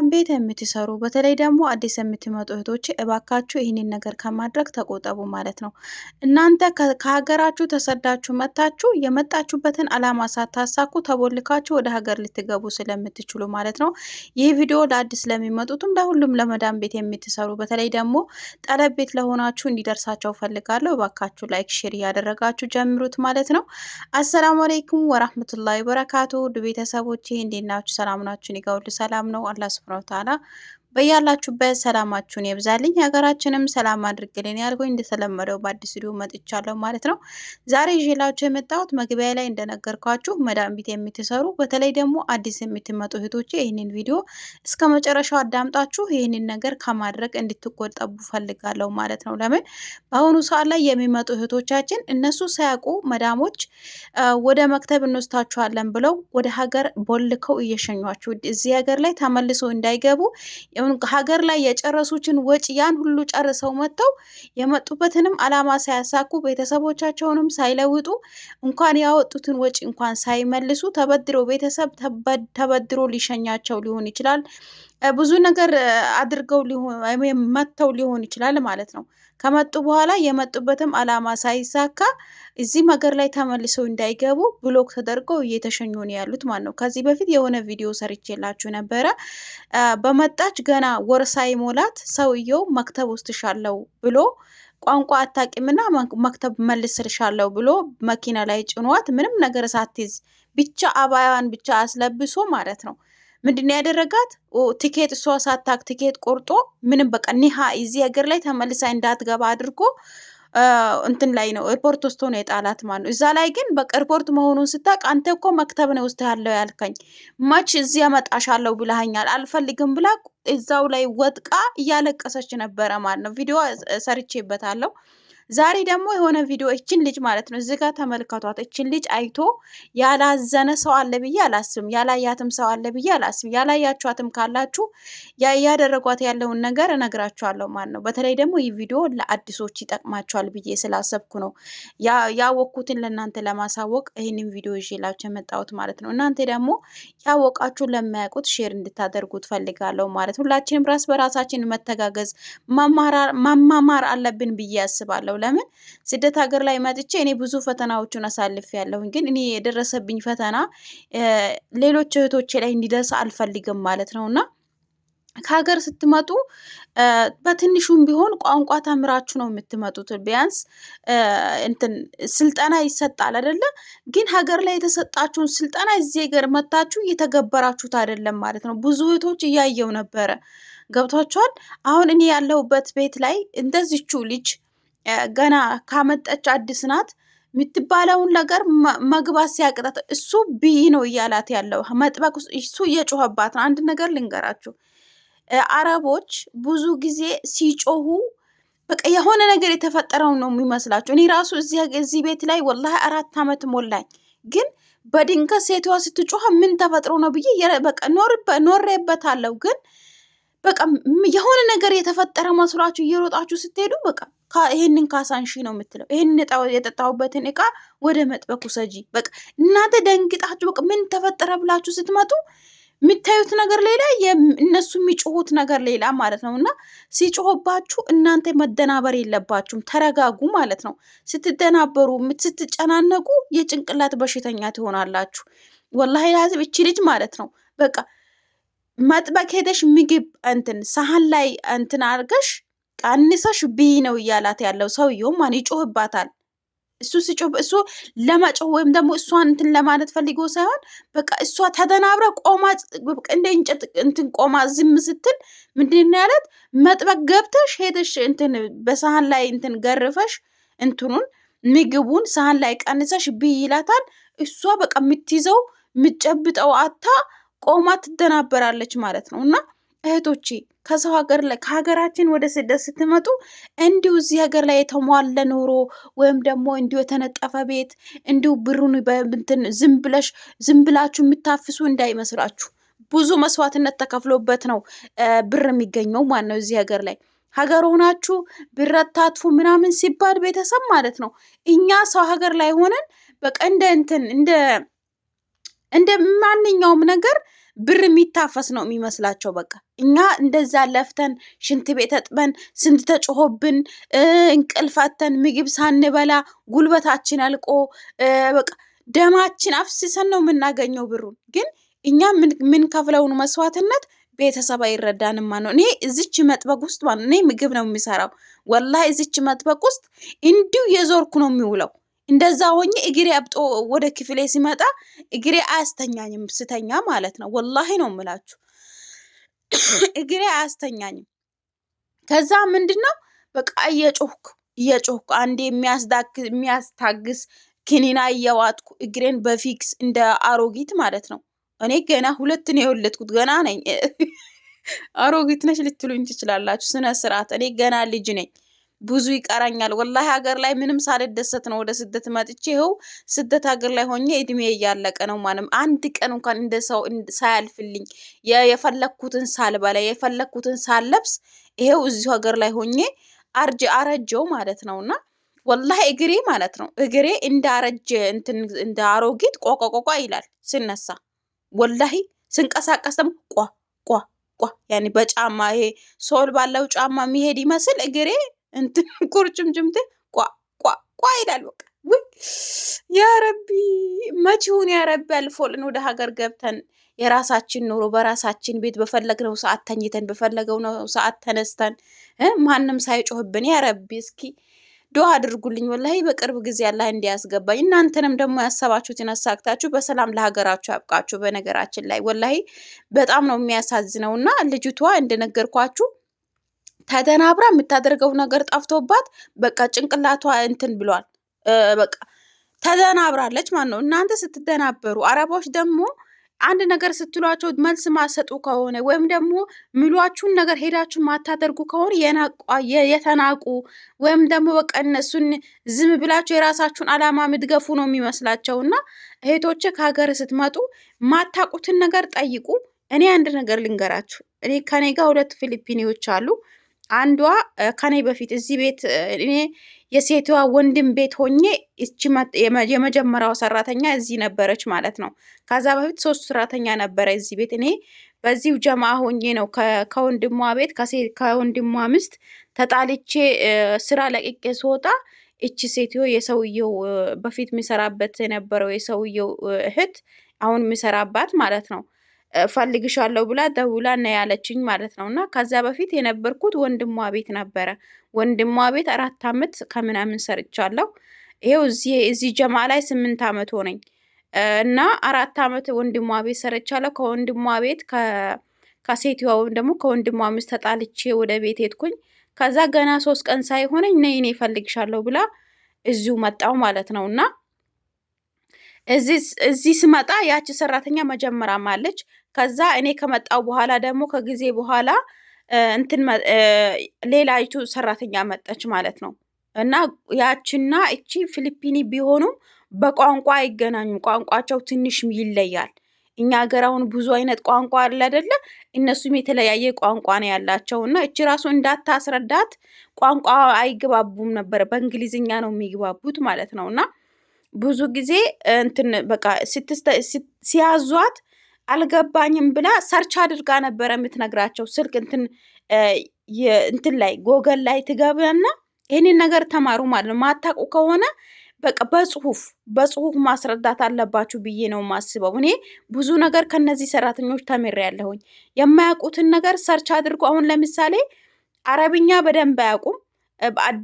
እንቤት የምትሰሩ በተለይ ደግሞ አዲስ የምትመጡ እህቶች እባካችሁ ይህንን ነገር ከማድረግ ተቆጠቡ ማለት ነው። እናንተ ከሀገራችሁ ተሰዳችሁ መታችሁ የመጣችሁበትን አላማ ሳታሳኩ ተቦልካችሁ ወደ ሀገር ልትገቡ ስለምትችሉ ማለት ነው። ይህ ቪዲዮ ለአዲስ ለሚመጡትም ለሁሉም ለመዳን ቤት የምትሰሩ በተለይ ደግሞ ጠለብ ቤት ለሆናችሁ እንዲደርሳቸው ፈልጋለሁ። እባካችሁ ላይክ፣ ሼር እያደረጋችሁ ጀምሩት ማለት ነው። አሰላሙ አለይኩም ወራህመቱላሂ ወበረካቱ ውድ ቤተሰቦቼ እንዴት ናችሁ? ሰላም ናችሁን? ይገውል ሰላም ነው አላ سبحانه و በያላችሁበት ሰላማችሁን የብዛልኝ ሀገራችንም ሰላም አድርግልን ያልኩኝ እንደተለመደው በአዲስ ቪዲዮ መጥቻለሁ ማለት ነው። ዛሬ ይዤላችሁ የመጣሁት መግቢያ ላይ እንደነገርኳችሁ መዳም ቤት የምትሰሩ በተለይ ደግሞ አዲስ የምትመጡ እህቶቼ ይህንን ቪዲዮ እስከ መጨረሻው አዳምጣችሁ ይህንን ነገር ከማድረግ እንድትቆጠቡ ፈልጋለሁ ማለት ነው። ለምን በአሁኑ ሰዓት ላይ የሚመጡ እህቶቻችን እነሱ ሳያውቁ መዳሞች ወደ መክተብ እንወስታችኋለን ብለው ወደ ሀገር ቦልከው እየሸኟችሁ እዚህ ሀገር ላይ ተመልሶ እንዳይገቡ ሀገር ላይ የጨረሱትን ወጪ ያን ሁሉ ጨርሰው መጥተው የመጡበትንም አላማ ሳያሳኩ ቤተሰቦቻቸውንም ሳይለውጡ እንኳን ያወጡትን ወጪ እንኳን ሳይመልሱ ተበድሮ ቤተሰብ ተበድሮ ሊሸኛቸው ሊሆን ይችላል። ብዙ ነገር አድርገው መጥተው ሊሆን ይችላል ማለት ነው። ከመጡ በኋላ የመጡበትም አላማ ሳይሳካ እዚህ ሀገር ላይ ተመልሰው እንዳይገቡ ብሎክ ተደርገው እየተሸኙ ነው ያሉት ማለት ነው። ከዚህ በፊት የሆነ ቪዲዮ ሰርቼላችሁ ነበረ። በመጣች ገና ወር ሳይሞላት ሰውየው መክተብ ወስድሻለሁ ብሎ ቋንቋ አታቂምና መክተብ መልስልሻለሁ ብሎ መኪና ላይ ጭኗት ምንም ነገር ሳትይዝ ብቻ አባያን ብቻ አስለብሶ ማለት ነው ምንድን ነው ያደረጋት? ትኬት እሷ ሳታክ ትኬት ቆርጦ ምንም በቃ ኒሃ እዚህ ሀገር ላይ ተመልሳ እንዳትገባ አድርጎ እንትን ላይ ነው ኤርፖርት ውስጥ ሆነ የጣላት ማለት ነው። እዛ ላይ ግን በቃ ኤርፖርት መሆኑን ስታቅ አንተ እኮ መክተብ ነው ውስጥ ያለው ያልከኝ ማች እዚህ ያመጣሻለሁ ብለኸኛል አልፈልግም ብላ እዛው ላይ ወጥቃ እያለቀሰች ነበረ ማለት ነው። ቪዲዮ ሰርቼበታለሁ። ዛሬ ደግሞ የሆነ ቪዲዮ እችን ልጅ ማለት ነው እዚህ ጋር ተመልከቷት። እችን ልጅ አይቶ ያላዘነ ሰው አለ ብዬ አላስብም። ያላያትም ሰው አለ ብዬ አላስብም። ያላያችኋትም ካላችሁ እያደረጓት ያለውን ነገር እነግራችኋለሁ ማለት ነው። በተለይ ደግሞ ይህ ቪዲዮ ለአዲሶች ይጠቅማችኋል ብዬ ስላሰብኩ ነው ያወቅኩትን ለእናንተ ለማሳወቅ ይህንን ቪዲዮ ይዤላችሁ የመጣሁት ማለት ነው። እናንተ ደግሞ ያወቃችሁ ለማያውቁት ሼር እንድታደርጉ ፈልጋለሁ ማለት ሁላችንም ራስ በራሳችን መተጋገዝ መማማር አለብን ብዬ አስባለሁ። አለው። ለምን ስደት ሀገር ላይ መጥቼ እኔ ብዙ ፈተናዎቹን አሳልፍ ያለሁኝ፣ ግን እኔ የደረሰብኝ ፈተና ሌሎች እህቶቼ ላይ እንዲደርስ አልፈልግም ማለት ነው እና ከሀገር ስትመጡ በትንሹም ቢሆን ቋንቋ ተምራችሁ ነው የምትመጡት። ቢያንስ እንትን ስልጠና ይሰጣል አይደለ? ግን ሀገር ላይ የተሰጣችሁን ስልጠና እዚህ ሀገር መታችሁ እየተገበራችሁት አይደለም ማለት ነው። ብዙ እህቶች እያየው ነበረ። ገብቷችኋል? አሁን እኔ ያለሁበት ቤት ላይ እንደዚቹ ልጅ ገና ካመጠች አዲስ ናት የምትባለውን ነገር መግባት ሲያቅጣት እሱ ብይ ነው እያላት ያለው መጥበቅ እሱ እየጮኸባት ነው። አንድ ነገር ልንገራችሁ፣ አረቦች ብዙ ጊዜ ሲጮሁ በቃ የሆነ ነገር የተፈጠረው ነው የሚመስላችሁ። እኔ ራሱ እዚህ ቤት ላይ ወላሂ አራት አመት ሞላኝ፣ ግን በድንገት ሴትዋ ስትጮኸ ምን ተፈጥሮ ነው ብዬ ኖሬበታለሁ። ግን በቃ የሆነ ነገር የተፈጠረ መስሏችሁ እየሮጣችሁ ስትሄዱ በቃ ይሄንን ካሳንሺ ነው የምትለው። ይሄን የጠጣሁበትን እቃ ወደ መጥበቅ ሰጂ። በቃ እናንተ ደንግጣችሁ በቃ ምን ተፈጠረ ብላችሁ ስትመጡ የምታዩት ነገር ሌላ፣ እነሱ የሚጮሁት ነገር ሌላ ማለት ነው። እና ሲጮሁባችሁ እናንተ መደናበር የለባችሁም ተረጋጉ ማለት ነው። ስትደናበሩ፣ ስትጨናነቁ የጭንቅላት በሽተኛ ትሆናላችሁ። ወላሂ ላዚም እቺ ልጅ ማለት ነው በቃ መጥበቅ ሄደሽ ምግብ እንትን ሳህን ላይ እንትን አድርገሽ ቀንሰሽ ብይ ነው እያላት ያለው ሰውየው ማን ይጮህባታል። እሱ ሲጮህ እሱ ለመጮህ ወይም ደግሞ እሷን እንትን ለማለት ፈልጎ ሳይሆን በቃ እሷ ተደናብረ ቆማ እንደ እንጨት እንትን ቆማ ዝም ስትል ምንድን ነው ያለት? መጥበቅ ገብተሽ ሄደሽ እንትን በሰሃን ላይ እንትን ገርፈሽ እንትኑን ምግቡን ሰሃን ላይ ቀንሰሽ ብይ ይላታል። እሷ በቃ የምትይዘው የምትጨብጠው አታ ቆማ ትደናበራለች ማለት ነው። እና እህቶቼ ከሰው ሀገር ላይ ከሀገራችን ወደ ስደት ስትመጡ እንዲሁ እዚህ ሀገር ላይ የተሟለ ኑሮ ወይም ደግሞ እንዲሁ የተነጠፈ ቤት እንዲሁ ብሩን በእንትን ዝም ብለሽ ዝም ብላችሁ የምታፍሱ እንዳይመስላችሁ። ብዙ መስዋዕትነት ተከፍሎበት ነው ብር የሚገኘው ማለት ነው እዚህ ሀገር ላይ ሀገር ሆናችሁ ብረታትፉ ምናምን ሲባል ቤተሰብ ማለት ነው። እኛ ሰው ሀገር ላይ ሆነን በቃ እንደ እንትን እንደ እንደ ማንኛውም ነገር ብር የሚታፈስ ነው የሚመስላቸው በቃ እኛ እንደዛ ለፍተን ሽንት ቤት ተጥበን ስንት ተጮሆብን እንቅልፋተን ምግብ ሳንበላ ጉልበታችን አልቆ በቃ ደማችን አፍስሰን ነው የምናገኘው ብሩን። ግን እኛ የምንከፍለውን መስዋዕትነት ቤተሰብ አይረዳንም ነው። እኔ እዚች መጥበቅ ውስጥ ማ እኔ ምግብ ነው የሚሰራው። ወላ እዚች መጥበቅ ውስጥ እንዲሁ የዞርኩ ነው የሚውለው። እንደዛ ሆኜ እግሬ አብጦ ወደ ክፍሌ ሲመጣ እግሬ አያስተኛኝም ስተኛ ማለት ነው። ወላሂ ነው የምላችሁ። እግሬ አያስተኛኝም። ከዛ ምንድነው በቃ እየጮህኩ እየጮህኩ አንዴ የሚያስታግስ ክኒና እየዋጥኩ እግሬን በፊክስ እንደ አሮጊት ማለት ነው። እኔ ገና ሁለት ነው የወለድኩት፣ ገና ነኝ። አሮጊት ነች ልትሉኝ ትችላላችሁ። ስነ ስርዓት እኔ ገና ልጅ ነኝ። ብዙ ይቀራኛል። ወላሂ ሀገር ላይ ምንም ሳልደሰት ነው ወደ ስደት መጥቼ፣ ይኸው ስደት ሀገር ላይ ሆኜ እድሜ እያለቀ ነው። ማንም አንድ ቀን እንኳን እንደ ሰው ሳያልፍልኝ የፈለግኩትን ሳልበላ የፈለግኩትን ሳልለብስ ይሄው እዚሁ ሀገር ላይ ሆኜ አርጅ አረጀው ማለት ነውና ወላሂ እግሬ ማለት ነው እግሬ እንዳረጀ እንትን እንደ አሮጊት ቆቋ ቆቋ ይላል ስነሳ። ወላሂ ስንቀሳቀስ ደግሞ ቋ ቋ ቋ ያኔ በጫማ ይሄ ሶል ባለው ጫማ የሚሄድ ይመስል እግሬ እንትን ቋ ቋ ይላል። በቃ ውይ ያረቢ መች ያረቢ፣ አልፎልን ወደ ሀገር ገብተን የራሳችን ኑሮ በራሳችን ቤት በፈለግነው ሰዓት ተኝተን በፈለገው ሰዓት ተነስተን ማንም ሳይጮህብን ያረቢ እስኪ ዱዓ አድርጉልኝ። ወላሂ በቅርብ ጊዜ አላህ እንዲያስገባኝ እናንተንም ደግሞ ያሰባችሁትን ያሳክታችሁ በሰላም ለሀገራችሁ ያብቃችሁ። በነገራችን ላይ ወላሂ በጣም ነው የሚያሳዝነው እና ልጅቷ እንደነገርኳችሁ ተደናብራ የምታደርገው ነገር ጠፍቶባት በቃ ጭንቅላቷ እንትን ብሏል። በቃ ተደናብራለች ማለት ነው። እናንተ ስትደናበሩ፣ አረቦች ደግሞ አንድ ነገር ስትሏቸው መልስ ማሰጡ ከሆነ ወይም ደግሞ ምሏችሁን ነገር ሄዳችሁ ማታደርጉ ከሆነ የተናቁ ወይም ደግሞ በቃ እነሱን ዝም ብላችሁ የራሳችሁን አላማ ምትገፉ ነው የሚመስላቸው። እና እህቶች ከሀገር ስትመጡ ማታቁትን ነገር ጠይቁ። እኔ አንድ ነገር ልንገራችሁ። እኔ ከኔ ጋር ሁለት ፊሊፒኒዎች አሉ። አንዷ ከኔ በፊት እዚህ ቤት እኔ የሴቷ ወንድም ቤት ሆኜ እቺ የመጀመሪያው ሰራተኛ እዚህ ነበረች ማለት ነው። ከዛ በፊት ሶስት ሰራተኛ ነበረ እዚህ ቤት። እኔ በዚሁ ጀማ ሆኜ ነው ከወንድሟ ቤት ከወንድሟ ሚስት ተጣልቼ ስራ ለቅቄ ስወጣ እቺ ሴትዮ የሰውየው በፊት የሚሰራበት የነበረው የሰውየው እህት አሁን የሚሰራባት ማለት ነው ፈልግሻለሁ ብላ ደውላ ነው ያለችኝ ማለት ነው። እና ከዛ በፊት የነበርኩት ወንድሟ ቤት ነበረ። ወንድሟ ቤት አራት አመት ከምናምን ሰርቻለሁ። ይሄው እዚህ ጀማ ላይ ስምንት አመት ሆነኝ እና አራት አመት ወንድሟ ቤት ሰርቻለሁ። ከወንድሟ ቤት ከሴትዋ ወይም ደግሞ ከወንድሟ ሚስት ተጣልቼ ወደ ቤት ሄድኩኝ። ከዛ ገና ሶስት ቀን ሳይሆነኝ ነይ እኔ እፈልግሻለሁ ብላ እዚሁ መጣው ማለት ነው እና እዚህ ስመጣ ያቺ ሰራተኛ መጀመሪያም አለች ከዛ እኔ ከመጣው በኋላ ደግሞ ከጊዜ በኋላ እንትን ሌላ ይቱ ሰራተኛ መጠች ማለት ነው። እና ያችና እቺ ፊሊፒኒ ቢሆኑም በቋንቋ አይገናኙም። ቋንቋቸው ትንሽ ይለያል። እኛ ሀገር አሁን ብዙ አይነት ቋንቋ አለ አይደለ? እነሱም የተለያየ ቋንቋ ነው ያላቸው። እና እቺ ራሱ እንዳታስረዳት ቋንቋ አይግባቡም ነበር። በእንግሊዝኛ ነው የሚግባቡት ማለት ነው። እና ብዙ ጊዜ እንትን በቃ ሲያዟት አልገባኝም ብላ ሰርች አድርጋ ነበረ የምትነግራቸው። ስልክ እንትን እንትን ላይ ጎገል ላይ ትገብና ይህንን ነገር ተማሩ ማለት ነው። ማታቁ ከሆነ በቃ በጽሁፍ በጽሁፍ ማስረዳት አለባችሁ ብዬ ነው ማስበው እኔ ብዙ ነገር ከነዚህ ሰራተኞች ተምሬያለሁኝ። የማያውቁትን ነገር ሰርች አድርጎ አሁን ለምሳሌ አረብኛ በደንብ አያውቁም።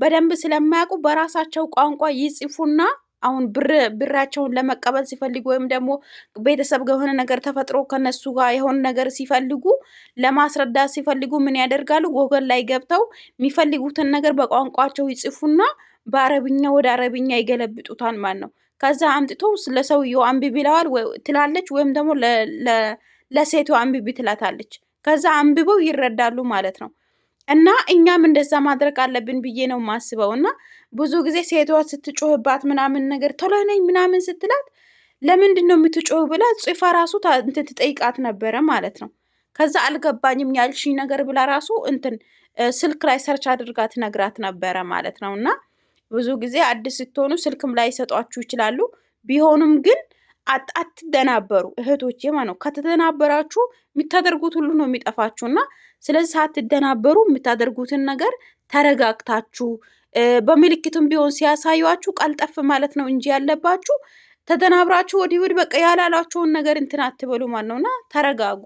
በደንብ ስለማያውቁ በራሳቸው ቋንቋ ይጽፉና አሁን ብር ብራቸውን ለመቀበል ሲፈልጉ ወይም ደግሞ ቤተሰብ ጋር የሆነ ነገር ተፈጥሮ ከነሱ ጋር የሆነ ነገር ሲፈልጉ ለማስረዳት ሲፈልጉ ምን ያደርጋሉ? ጎገል ላይ ገብተው የሚፈልጉትን ነገር በቋንቋቸው ይጽፉና በአረብኛ ወደ አረብኛ ይገለብጡታል ማለት ነው። ከዛ አምጥቶ ለሰውየው አንብቢ ይለዋል ትላለች፣ ወይም ደግሞ ለሴቱ አንብቢ ትላታለች። ከዛ አንብበው ይረዳሉ ማለት ነው። እና እኛም እንደዛ ማድረግ አለብን ብዬ ነው ማስበው እና ብዙ ጊዜ ሴቷ ስትጮህባት ምናምን ነገር ቶሎ ነኝ ምናምን ስትላት ለምንድን ነው የምትጮህ ብላ ጽፋ ራሱ እንትን ትጠይቃት ነበረ ማለት ነው። ከዛ አልገባኝም ያልሽኝ ነገር ብላ ራሱ እንትን ስልክ ላይ ሰርች አድርጋ ትነግራት ነበረ ማለት ነው። እና ብዙ ጊዜ አዲስ ስትሆኑ ስልክም ላይ ይሰጧችሁ ይችላሉ። ቢሆኑም ግን አትደናበሩ እህቶች ማ ነው ከተደናበራችሁ የምታደርጉት ሁሉ ነው የሚጠፋችሁ። እና ስለዚህ ሳትደናበሩ የምታደርጉትን ነገር ተረጋግታችሁ በምልክትም ቢሆን ሲያሳዩችሁ ቀልጠፍ ማለት ነው እንጂ ያለባችሁ ተደናብራችሁ ወዲህ ወዲህ በቃ ያላላችሁን ነገር እንትን አትበሉ ማለት ነውና ተረጋጉ።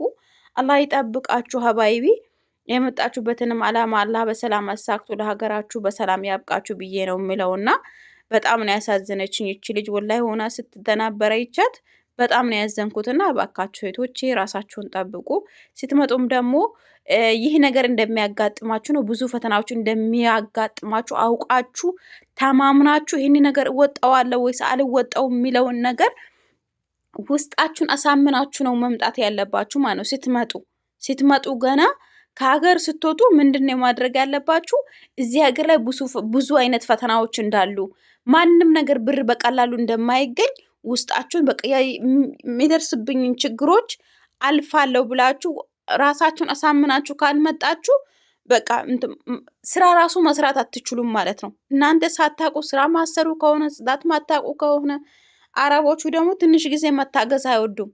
አላህ ይጠብቃችሁ ሀባይቢ። የመጣችሁበትንም አላማ አላህ በሰላም አሳክቶ ለሀገራችሁ በሰላም ያብቃችሁ ብዬ ነው የምለውና በጣም ነው ያሳዘነችኝ ይቺ ልጅ ወላሂ ሆና ስትደናበረ ይቻት በጣም ነው ያዘንኩት እና እባካችሁ ሴቶች ራሳችሁን ጠብቁ። ስትመጡም ደግሞ ይህ ነገር እንደሚያጋጥማችሁ ነው፣ ብዙ ፈተናዎች እንደሚያጋጥማችሁ አውቃችሁ ተማምናችሁ ይህን ነገር እወጣዋለሁ ወይስ አልወጣውም የሚለውን ነገር ውስጣችሁን አሳምናችሁ ነው መምጣት ያለባችሁ ማለት ነው። ስትመጡ ስትመጡ ገና ከሀገር ስትወጡ ምንድን ነው ማድረግ ያለባችሁ? እዚህ ሀገር ላይ ብዙ አይነት ፈተናዎች እንዳሉ ማንም ነገር ብር በቀላሉ እንደማይገኝ ውስጣችሁን በቃ የሚደርስብኝን ችግሮች አልፋለሁ ብላችሁ ራሳችሁን አሳምናችሁ ካልመጣችሁ በቃ ስራ ራሱ መስራት አትችሉም ማለት ነው። እናንተ ሳታቁ ስራ ማሰሩ ከሆነ ጽዳት ማታቁ ከሆነ አረቦቹ ደግሞ ትንሽ ጊዜ መታገዝ አይወዱም።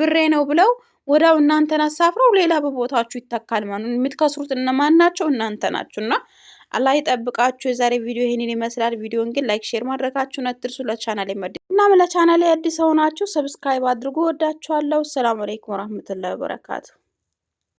ብሬ ነው ብለው ወዳው እናንተን አሳፍረው ሌላ በቦታችሁ ይተካል ማለት ነው። የምትከስሩት እነማን ናቸው? እናንተ ናችሁ እና አላህ ይጠብቃችሁ። የዛሬ ቪዲዮ ይህንን ይመስላል። ቪዲዮን ግን ላይክ፣ ሼር ማድረጋችሁን አትርሱ። ለቻናል መድ እናም ለቻናል አዲስ ሆናችሁ ሰብስክራይብ አድርጉ። ወዳችኋለሁ። ሰላም አለይኩም ወራህመቱላሂ ወበረካቱ።